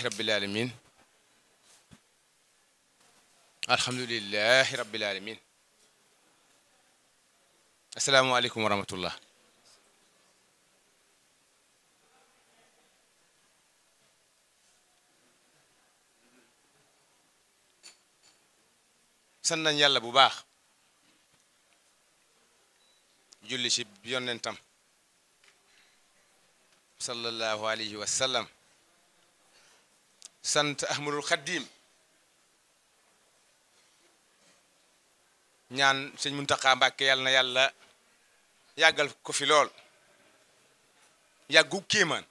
alhamdulilahi rabbil alamin alhamdulilahi rabbil alamin asalaamualeykum wa rahmatullah sant nañ yàlla bu baax julli ci yonentam sallallahu alayhi wa sallam sant ahmadul xaddiim ñaan sëñ Muntaxa Mbàkke yàlla na yàlla yàggal ko fi lool yàggu kéemaan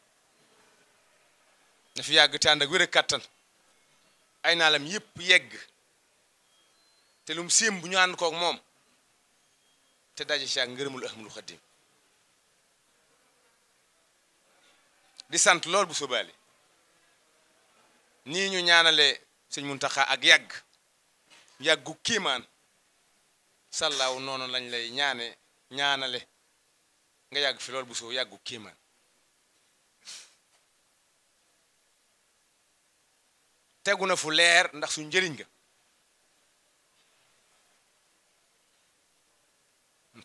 na fi yàgg tànd ak wér ak kàttan ay naalam yëpp yegg te lum séem bu ñu moom te daje si ak ngërëmul ahmadul xaddiim di sant lool bu sobaale nii ñu ñaanale sëñ taxa ak yàgg yàggu kiimaan sàllaaw noonu lañ lay ñaane ñaanale nga yàgg fi lool bu soo yàggu kiimaan tegu na fu leer ndax suñ njëriñ nga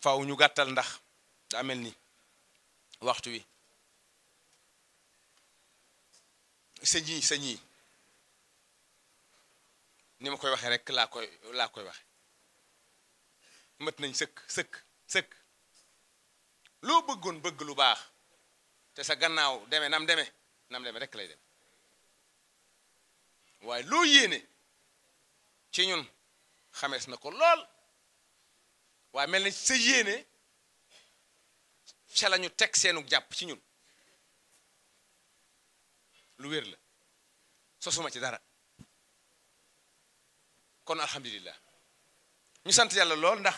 faaw ñu gàttal ndax daa mel ni waxtu wi sëñ yi sëñ ni ma koy waxee rek laa ko laa koy waxe mët nañ sëkk sëkk sëkk loo bëggoon bëgg lu baax te sa gannaaw deme nam deme nam deme rek lay dem waaye loo yéene ci ñun xamees na ko lool waaye mel na sa yéene ca la ñu teg seenu jàpp ci ñun lu wér la sosuma ci dara kon alhamdulilah ñu sant yàlla lool ndax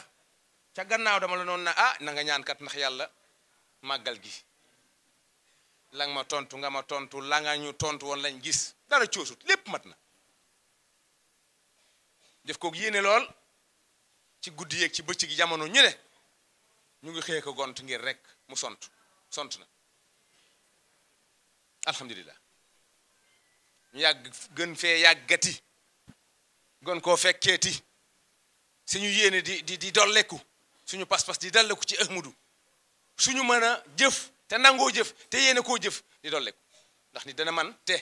ca gannaaw dama la noonu na ah nanga nga ñaan kat ndax yàlla màggal gi la ma tontu nga ma tontu la ñu tontu woon lañ gis dara coosut lépp mat na def kook yéene lool ci guddi yeeg ci bëcc gi jamono ñu ne ñu ngi xëy ko gont ngir rek mu sont sont na alhamdulilah ñu yàgg gën fee yàggati gon koo fekkeeti suñu yéene di di di dolleku suñu pas-pas di dolleku ci ahmadu suñu mën a jëf te nangoo jëf te yéene koo jëf di dolleku ndax ni dana man te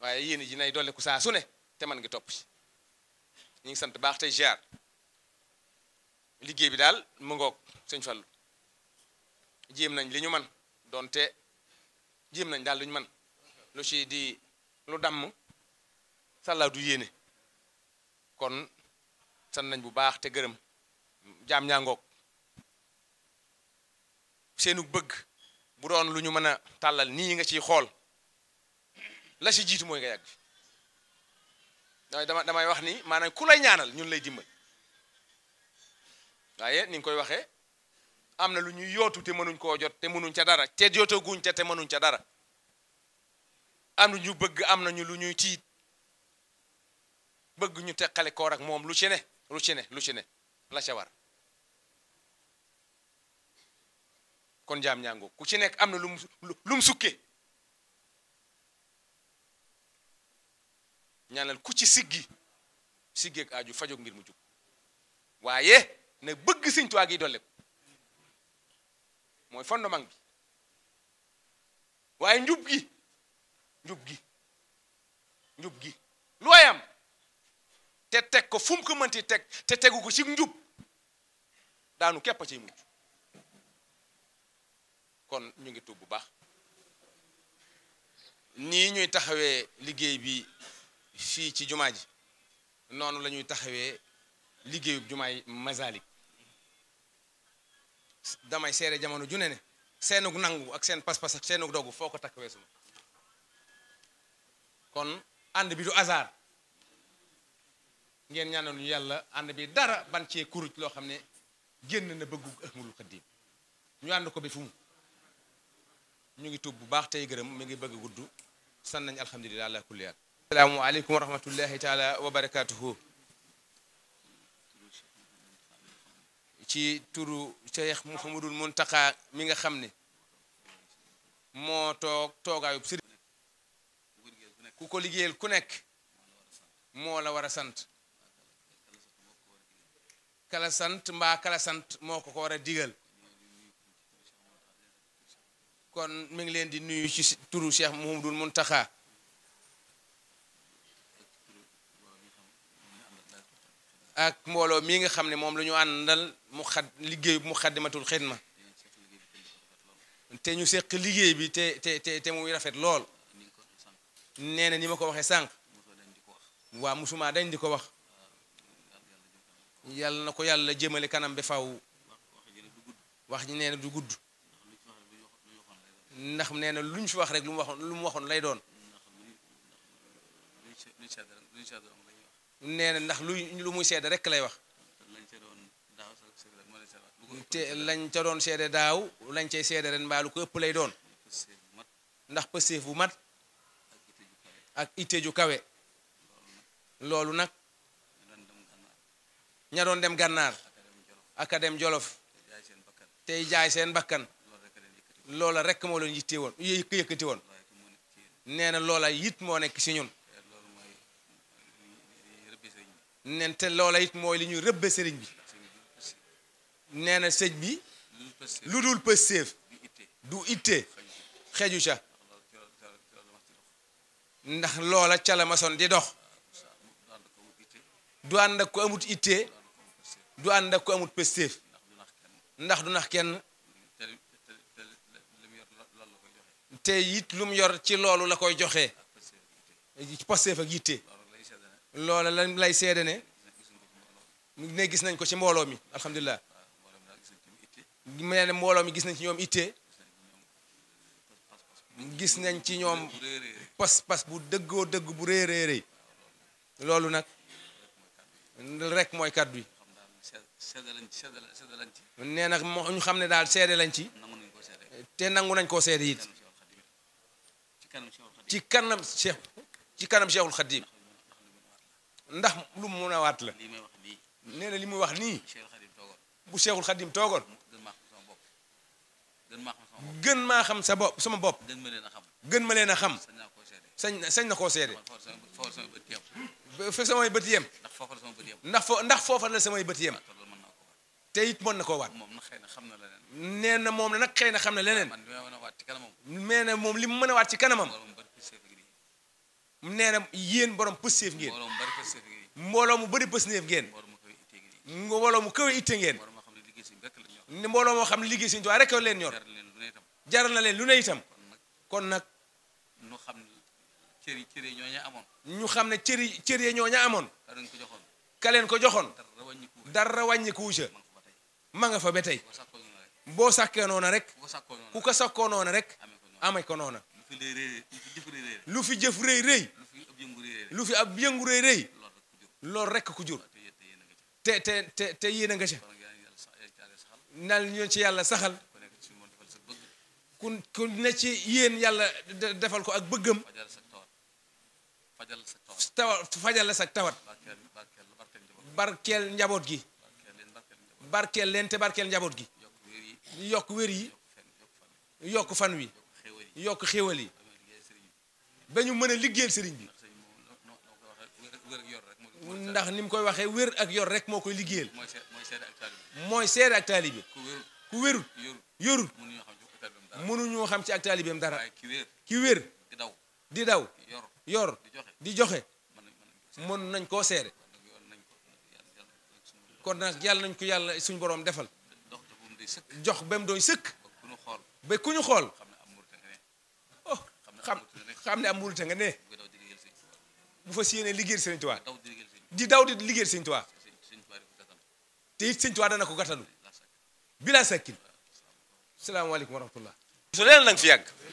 waaye yéene ji nay dolleku saa su ne te man ngi topp ci ñu ngi sant baax te ziar liggéey bi daal mu ngoog sëñ Fallu jéem nañ li ñu man donte jéem nañ daal lu ñu man lu ci di lu damm sàllaa du yéene kon san nañ bu baax te gërëm jaam ñaangoog seenu bëgg bu doon lu ñu mën a tàllal nii nga ciy xool la si jiitu mooy nga yàgg fi dama damay wax ni maanaam ku lay ñaanal ñun lay dimbal waaye ni koy waxee am na lu ñuy yootu te mënuñ koo jot te mënuñ ca dara te jootaguñ ca te mënuñ ca dara am na ñu bëgg am nañu lu ñuy tiit bëgg ñu teqale koor ak moom lu ci ne lu ci lu ci ne la ca war kon jaam ñaango ku ci nekk am na lu mu lu ñaanal ku ci siggi siggeeg aaju fajoog ngir mu jug waaye na bëgg sëñ Tuubaa gi dolle ko mooy fondement bi waaye njub gi njub gi njub gi te teg ko fu mu ko mënti teg te tegu ko ci njub daanu képp a ciy mujj kon ñu ngi tuub bu baax nii ñuy taxawee liggéey bi fii ci jumaa ji noonu la ñuy taxawee liggéeyub jumaay Masalik damay seere jamono ju ne ne seenug nangu ak seen pas-pas ak seenug dogu foo ko takk weesuma kon ànd bi du hasard ngeen ñaanal ñu yàlla ànd bi dara ban cee kuruj loo xam ne génn na bëggu Ahmadul Xadim ñu ànd ko bi fu mu ñu ngi tub bu baax tey gërëm mi ngi bëgg gudd san nañ alhamdulilah ala kulli haal asalaamu aleykum wa rahmatullahi taala wa barakatuhu ci turu mi nga xam ne moo toog toogaayub sëriñ ku ko liggéeyal ku nekk moo la war a sant kala sant mbaa kala sant moo ko ko war a digal kon mi ngi leen di nuyu ci turu Cheikh mun Mountakha ak mbooloo mii nga xam ne moom la ñu àndal mu xad liggéey mu xaddimatul xidma te ñu seq liggéey bi te te te te rafet lool nee ni ma ko waxee sànq waa musuma dañ di ko wax yàlla na ko yàlla jëmale kanam ba faw wax ji nee na du gudd ndax nee na lu ñu fi wax rek lu mu waxoon lu mu waxoon lay doon nee ndax luy lu muy seede rek lay wax te lañ ca doon seede daaw lañ cay seede ren mbaa ko ëpp lay doon ndax pëseef bu mat ak ite kawe loolu nag ña doon dem gànnaar ak dem jolof tey jaay seen bakkan loola rek moo leen yittee woon yëkkati woon nee na loola yit moo nekk si ñun neen te loola it mooy li ñuy rëbbe sëriñ bi nee na sëñ bi lu dul pëstéef du ittee xeju ca ndax loola ca la di dox du ànd ko amut ittee du ànd ak ko amut pëstéef ndax du nax kenn te it lu mu yor ci loolu la koy joxe pëstéef ak yitte loola lan lay seede ne ne gis nañ ko ci mbooloo mi alhamdulilah me ne mbooloo mi gis nañ ci ñoom itte gis nañ ci ñoom pas-pas bu dëggoo dëgg bu réeréeréy loolu nag rek mooy kàddu yi seede lañ ci seede lañ ci. nee na ñu xam ne daal seede lañ ci. nangu nañ koo seede. te nangu nañ koo seede it. ci kanam ci kanam Cheikh ci kanam Cheikhul Khadim ndax lu mu mën a la. nee na li muy wax nii. bu Cheikhul Khadim toogoon. gën maa xam sa bopp sama bopp. gën ma leen a xam. gën ma xam. sañ na sañ na koo seede. fa samay bët yem. ndax foofa la samay bët yem. ndax foo samay bët yem. te it mën na koo waat. moom nag xëy na xam na leneen. nee na moom nag xëy na xam na leneen. man li waat ci kanamam. nee na moom li mu mën a waat ci kanamam. nee na yéen borom pësteef ngeen. mbooloo mu bëri pësteef ngeen. mbooloo mu kawe itte ngeen. mbooloo moo xam ne liggéey sëñ Tuubaa rek leen ñor. jaral na leen lu ne itam. kon nag. ñu xam ne cër yi cër yi ñoo ña amoon. ñu xam ne cër cër yi ñoo ña amoon. ka leen ko joxoon. dara wàññi kuusa. ma nga fa ba tey boo sakkee noona rek ku ko sakkoo noona rek amee ko noona lu fi jëf rëy rëy lu fi ab yëngu rëy rëy loolu rek ku jur te te te te yéen a nga ca nal ñoo ci yàlla saxal ku ku ne ci yéen yàlla defal ko ak bëggam tawat fajal la sag tawat barkeel njaboot gi barkeel leen te barkeel njaboot gi yokk wér yi yokk fan wi yokk xéewal yi ba ñu mën a liggéeyal sëriñ bi ndax ni mu koy waxee wér ak yor rek moo koy liggéeyal mooy seede ak taalibe ku wérut yorut mënuñoo xam ci ak taalibeem dara ki wér di daw yor di joxe mën nañ koo seede kon nag yàlla nañ ko yàlla suñu borom defal. jox ba mu dooy sëkk. ba ku ñu xool. oh xam xam ne am murute nga ne. bu fa siyéene liggéeyal Sëriñ Tuubaa di daw di liggéeyal Sëriñ Tuubaa te it Sëriñ Tuubaa dana ko gàttalu bila sakkin salaamaaleykum wa rahmatullah su leen nag fi yàgg